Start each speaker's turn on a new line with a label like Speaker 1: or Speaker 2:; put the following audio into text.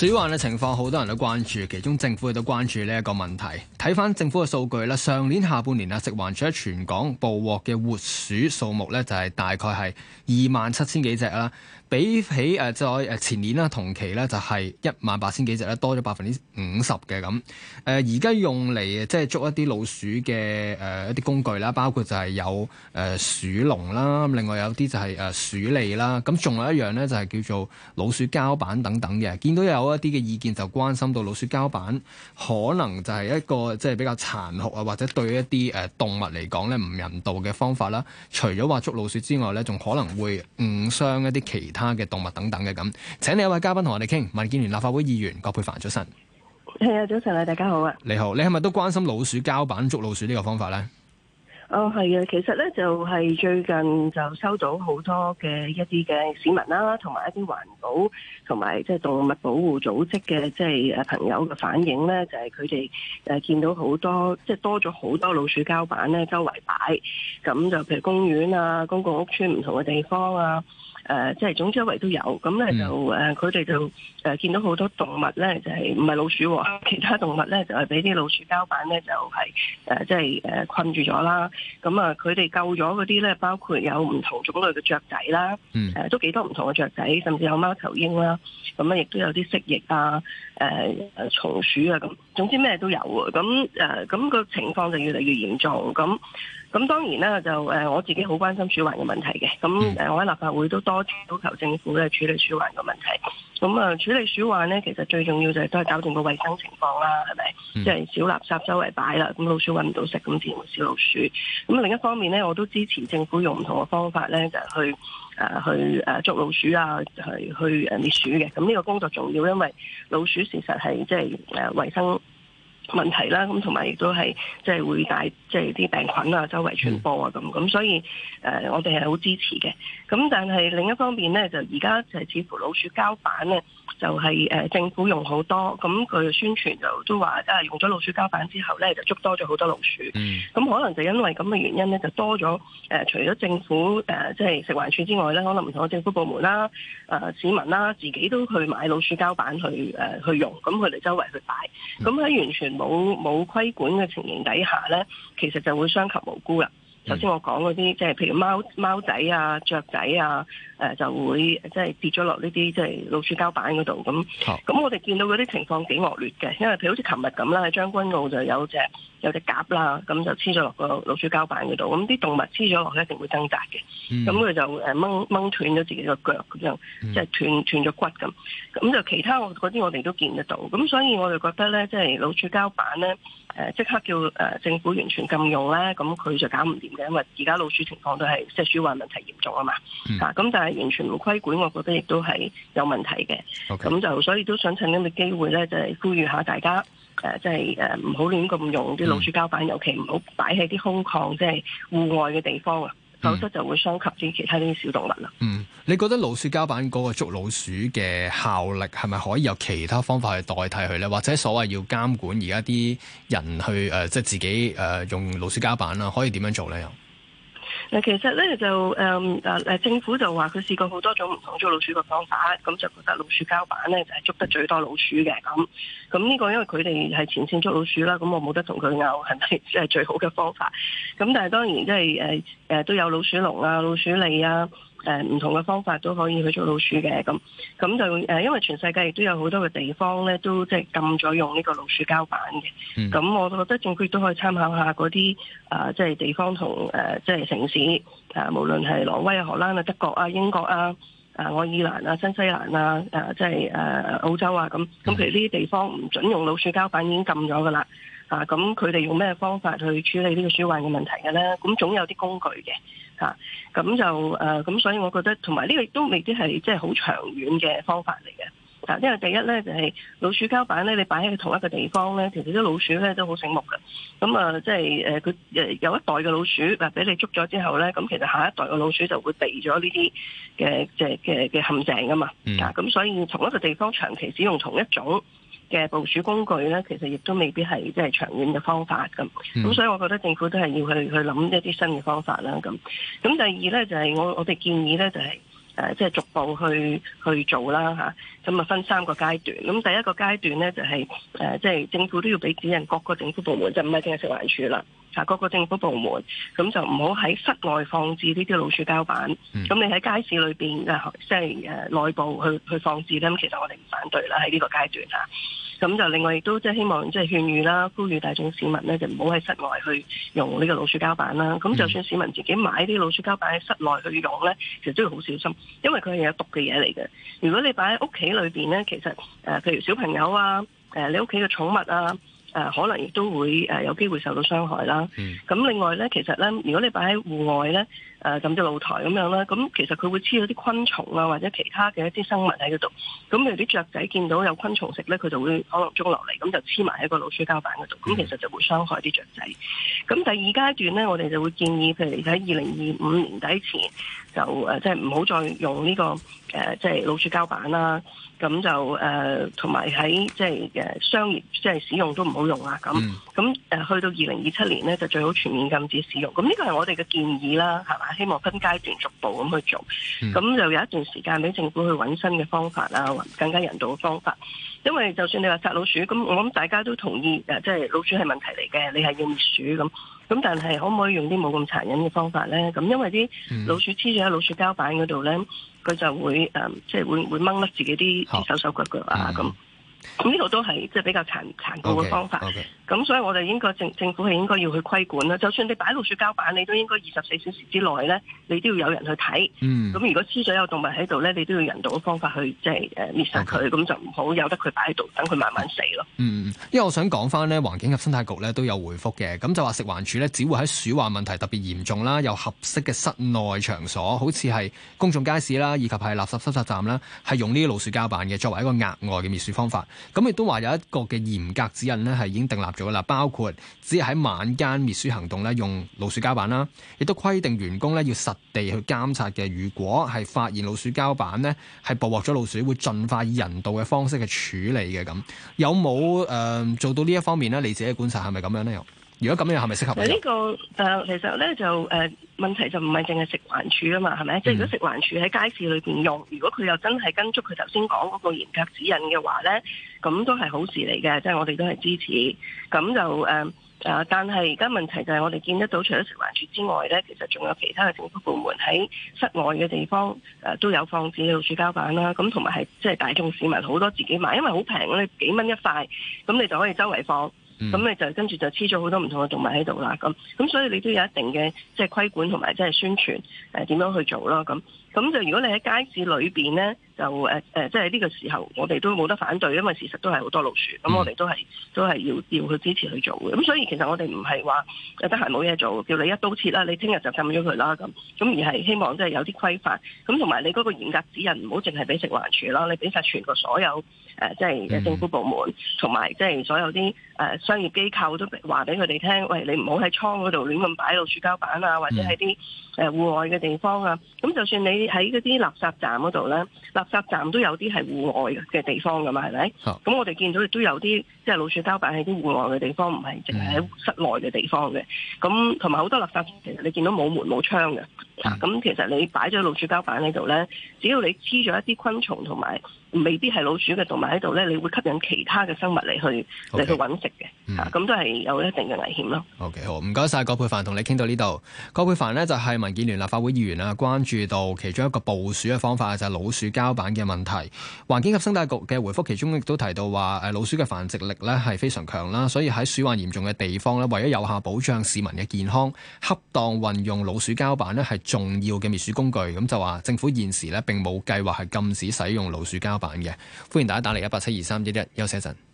Speaker 1: 鼠患嘅情況好多人都關注，其中政府亦都關注呢一個問題。睇翻政府嘅數據咧，上年下半年啊，食環署喺全港捕獲嘅活鼠數目咧，就係大概係二萬七千幾隻啦。比起誒再誒前年啦，同期咧就係、是、一萬八千幾隻咧，多咗百分之五十嘅咁。誒而家用嚟即係捉一啲老鼠嘅誒、呃、一啲工具啦，包括就係有誒、呃、鼠籠啦，另外有啲就係、是、誒、呃、鼠餌啦。咁仲有一樣咧就係叫做老鼠膠板等等嘅。見到有一啲嘅意見就關心到老鼠膠板可能就係一個即係比較殘酷啊，或者對一啲誒動物嚟講咧唔人道嘅方法啦。除咗話捉老鼠之外咧，仲可能會誤傷一啲其他。他嘅動物等等嘅咁，請你一位嘉賓同我哋傾，民建聯立法會議員郭佩凡，早晨。
Speaker 2: 係啊，早晨啊，大家好
Speaker 1: 啊，你好，你係咪都關心老鼠膠板捉老鼠呢個方法咧？
Speaker 2: 哦，係啊！其實咧就係最近就收到好多嘅一啲嘅市民啦、啊，同埋一啲環保同埋即係動物保護組織嘅即係誒朋友嘅反應咧，就係佢哋誒見到好多即係、就係、多咗好多老鼠膠板咧周圍擺，咁就譬如公園啊、公共屋邨唔同嘅地方啊，誒即係總之周圍都有，咁咧就誒佢哋就誒見到好多動物咧就係唔係老鼠、啊，其他動物咧就係俾啲老鼠膠板咧就係誒即係誒困住咗啦。咁啊，佢哋救咗嗰啲咧，包括有唔同種類嘅雀仔啦，誒、嗯呃，都幾多唔同嘅雀仔，甚至有貓頭鷹啦，咁啊，亦都有啲蜥蜴啊，誒、呃，誒，松鼠啊，咁，總之咩都有啊，咁誒，咁、呃、個情況就越嚟越嚴重，咁。咁當然啦，就誒我自己好關心鼠患嘅問題嘅。咁誒，我喺立法會都多啲要求政府咧處理鼠患嘅問題。咁啊，處理鼠患咧，其實最重要就係都係搞掂個衞生情況啦，係咪？即係、嗯、少垃圾周圍擺啦，咁老鼠揾唔到食，咁自然會少老鼠。咁另一方面咧，我都支持政府用唔同嘅方法咧，就去誒去誒捉老鼠啊，去去誒滅鼠嘅。咁呢個工作重要，因為老鼠事實係即係誒衞生問題啦，咁同埋亦都係即係會帶即係啲病菌啊，周圍傳播啊，咁咁、嗯、所以誒、呃、我哋係好支持嘅。咁但係另一方面咧，就而家就係似乎老鼠膠板咧就係誒政府用好多，咁佢宣傳就都話啊用咗老鼠膠板之後咧就捉多咗好多老鼠。咁、嗯、可能就因為咁嘅原因咧，就多咗誒、呃、除咗政府誒、呃、即係食環署之外咧，可能唔同嘅政府部門啦、誒、呃、市民啦自己都去買老鼠膠板去誒、呃、去用，咁佢哋周圍去擺，咁、呃、喺、嗯嗯、完全。冇冇規管嘅情形底下呢，其實就會傷及無辜啦。頭先、嗯、我講嗰啲，即係譬如貓貓仔啊、雀仔啊，誒、呃、就會即係跌咗落呢啲即係老鼠膠板嗰度咁。咁、哦、我哋見到嗰啲情況幾惡劣嘅，因為譬如好似琴日咁啦，喺將軍澳就有隻有隻鴿啦，咁就黐咗落個老鼠膠板嗰度，咁啲動物黐咗落去一定會掙扎嘅。咁佢、嗯、就誒掹掹斷咗自己個腳咁就即、是、係斷、嗯、斷咗骨咁。咁就其他嗰啲我哋都見得到。咁所以我哋覺得咧，即、就、係、是、老鼠膠板咧。誒即刻叫誒政府完全禁用咧，咁佢就搞唔掂嘅，因為而家老鼠情況都係即係鼠患問題嚴重啊嘛嚇，咁、嗯、但係完全冇規管，我覺得亦都係有問題嘅。咁 Okay. 就所以都想趁呢個機會咧，就係、是、呼籲下大家誒，即係誒唔好亂咁用啲老鼠膠板，嗯、尤其唔好擺喺啲空曠即係戶外嘅地方啊，嗯、否則就會傷及
Speaker 1: 啲其他啲小動物啦。嗯。你覺得老鼠膠板嗰個捉老鼠嘅效力係咪可以有其他方法去代替佢咧？或者所謂要監管而家啲人去誒、呃，即係自己誒、呃、用老鼠膠板啦，可以點樣做咧？又
Speaker 2: 嗱，其實咧就誒誒、嗯、政府就話佢試過好多種唔同捉老鼠嘅方法，咁就覺得老鼠膠板咧就係捉得最多老鼠嘅。咁咁呢個因為佢哋係前線捉老鼠啦，咁我冇得同佢拗係咪係最好嘅方法？咁但係當然即係誒誒都有老鼠籠啊、老鼠脷啊。誒，唔同嘅方法都可以去做老鼠嘅。咁，咁就誒，因為全世界亦都有好多嘅地方咧，都即係禁咗用呢個老鼠膠板嘅。咁我覺得政府都可以參考下嗰啲啊，即係地方同誒，即係城市啊，無論係挪威啊、荷蘭啊、德國啊、英國啊、啊愛爾蘭啊、新西蘭啊，誒即係誒澳洲啊，咁咁譬如呢啲地方唔準用老鼠膠板已經禁咗噶啦。嗯啊，咁佢哋用咩方法去處理呢個鼠患嘅問題嘅咧？咁總有啲工具嘅，嚇咁就誒咁，所以我覺得同埋呢個亦都未必係即係好長遠嘅方法嚟嘅。嗱、啊，因為第一咧就係、是、老鼠膠板咧，你擺喺同一個地方咧，其實啲老鼠咧都好醒目嘅。咁啊，即係誒佢誒有一代嘅老鼠嗱，俾你捉咗之後咧，咁、啊、其實下一代嘅老鼠就會避咗呢啲嘅即係嘅嘅陷阱噶嘛。啊，咁、啊、所以同一個地方長期使用同一種。嘅部署工具咧，其實亦都未必係即係長遠嘅方法咁，咁、嗯、所以我覺得政府都係要去去諗一啲新嘅方法啦，咁，咁第二咧就係、是、我我哋建議咧就係、是。誒、呃，即係逐步去去做啦嚇，咁啊分三個階段。咁、啊、第一個階段咧就係、是、誒，即、啊、係政府都要俾指引各個政府部門，就唔係淨係食環署啦，就、啊、各個政府部門，咁就唔好喺室外放置呢啲老鼠膠板。咁、嗯、你喺街市裏邊啊，即係誒內部去去放置咧。其實我哋唔反對啦，喺呢個階段嚇。啊咁就另外亦都即係希望，即係勸喻啦、呼籲大眾市民咧，就唔好喺室外去用呢個老鼠膠板啦。咁就算市民自己買啲老鼠膠板喺室內去用咧，其實都要好小心，因為佢係有毒嘅嘢嚟嘅。如果你擺喺屋企裏邊咧，其實誒、呃，譬如小朋友啊，誒、呃，你屋企嘅寵物啊。誒、呃、可能亦都會誒有、呃、機會受到傷害啦。咁、嗯、另外咧，其實咧，如果你擺喺戶外咧，誒咁啲露台咁樣啦，咁其實佢會黐咗啲昆蟲啊，或者其他嘅一啲生物喺嗰度。咁、嗯、譬如啲雀仔見到有昆蟲食咧，佢就會可能捉落嚟，咁就黐埋喺個老鼠膠板嗰度。咁、嗯、其實就會傷害啲雀仔。咁、嗯、第二階段咧，我哋就會建議，譬如喺二零二五年底前。就誒、呃，即係唔好再用呢、這個誒、呃，即係老鼠膠板啦。咁、啊、就誒，同埋喺即係誒商業即係使用都唔好用啦。咁咁誒，去到二零二七年咧，就最好全面禁止使用。咁呢個係我哋嘅建議啦，係嘛？希望分階段逐步咁去做。咁、嗯、就有一段時間俾政府去揾新嘅方法啦，或更加人道嘅方法。因為就算你話殺老鼠，咁我諗大家都同意誒、呃，即係老鼠係問題嚟嘅，你係要滅鼠咁。咁但係可唔可以用啲冇咁殘忍嘅方法咧？咁因為啲老鼠黐住喺老鼠膠板嗰度咧，佢就會誒、呃，即係會會掹甩自己啲手手腳腳好啊咁。嗯。咁呢度都係即係比較殘殘酷嘅方法。咁 Okay, okay. 所以我哋應該政政府係應該要去規管啦。就算你擺老鼠膠板，你都應該二十四小時之內咧，你都要有人去睇。咁、嗯、如果黐咗有動物喺度咧，你都要人道嘅方法去即係誒滅殺佢，咁 Okay. 就唔好由得佢擺喺度，等佢慢慢死咯。嗯，
Speaker 1: 因為我想講翻呢，環境及生態局咧都有回覆嘅。咁就話食環署咧，只會喺鼠患問題特別嚴重啦，有合適嘅室內場所，好似係公眾街市啦，以及係垃圾收集站啦，係用呢啲老鼠膠板嘅作為一個額外嘅滅鼠方法。咁亦都話有一個嘅嚴格指引咧，係已經訂立咗啦，包括只係喺晚間滅鼠行動咧，用老鼠膠板啦，亦都規定員工咧要實地去監察嘅。如果係發現老鼠膠板咧，係捕獲咗老鼠，會盡快以人道嘅方式去處理嘅咁。有冇誒、呃、做到呢一方面咧？你自己觀察係咪咁樣咧？如果咁樣係咪適合
Speaker 2: 咧？呢、這個誒、呃、其實咧就誒、呃、問題就唔係淨係食環署啊嘛，係咪？嗯、即係如果食環署喺街市裏邊用，如果佢又真係跟足佢頭先講嗰個嚴格指引嘅話咧，咁都係好事嚟嘅，即係我哋都係支持。咁就誒誒、呃，但係而家問題就係我哋見得到，除咗食環署之外咧，其實仲有其他嘅政府部門喺室外嘅地方誒、呃、都有放置呢啲老鼠膠板啦。咁同埋係即係大眾市民好多自己買，因為好平咧，你幾蚊一塊，咁你就可以周圍放。咁你、嗯、就跟住就黐咗好多唔同嘅動物喺度啦，咁咁所以你都有一定嘅即係規管同埋即係宣傳，誒、呃、點樣去做咯？咁咁就如果你喺街市裏邊咧。就誒誒，即係呢個時候，我哋都冇得反對，因為事實都係好多老鼠，咁、嗯、我哋都係都係要要去支持去做嘅。咁所以其實我哋唔係話得閒冇嘢做、啊，叫你一刀切啦、啊，你聽日就禁咗佢啦咁，咁而係希望即係有啲規範。咁同埋你嗰個嚴格指引，唔好淨係俾食環署啦，你俾晒全國所有誒即係政府部門同埋即係所有啲誒商業機構都話俾佢哋聽，喂，你唔好喺倉嗰度亂咁擺老鼠膠板啊，或者喺啲誒戶外嘅地方啊。咁就算你喺嗰啲垃圾站嗰度咧，垃垃圾站都有啲係戶外嘅地方噶嘛，係咪？咁我哋見到亦都有啲，即係老鼠膠擺喺啲戶外嘅地方，唔係淨係喺室內嘅地方嘅。咁同埋好多垃圾，其實你見到冇門冇窗嘅。咁、嗯嗯、其實你擺咗老鼠膠板喺度呢，只要你黐咗一啲昆蟲同埋未必係老鼠嘅動物喺度呢，你會吸引其他嘅生物嚟去嚟 Okay,、嗯、去揾食嘅，咁、嗯、都係有一定嘅危險
Speaker 1: 咯。OK，好，唔該晒，葛珮帆同你傾到呢度。葛珮帆呢，就係、是、民建聯立法會議員啦，關注到其中一個捕鼠嘅方法就係、是、老鼠膠板嘅問題。環境及生態局嘅回覆其中亦都提到話，老鼠嘅繁殖力呢係非常強啦，所以喺鼠患嚴重嘅地方呢，為咗有效保障市民嘅健康，恰當運用老鼠膠板呢係重要嘅滅鼠工具。咁就話政府現時呢並冇計劃係禁止使用老鼠膠板嘅。歡迎大家打嚟一八七二三一一，2, 3, 1, 休息一陣。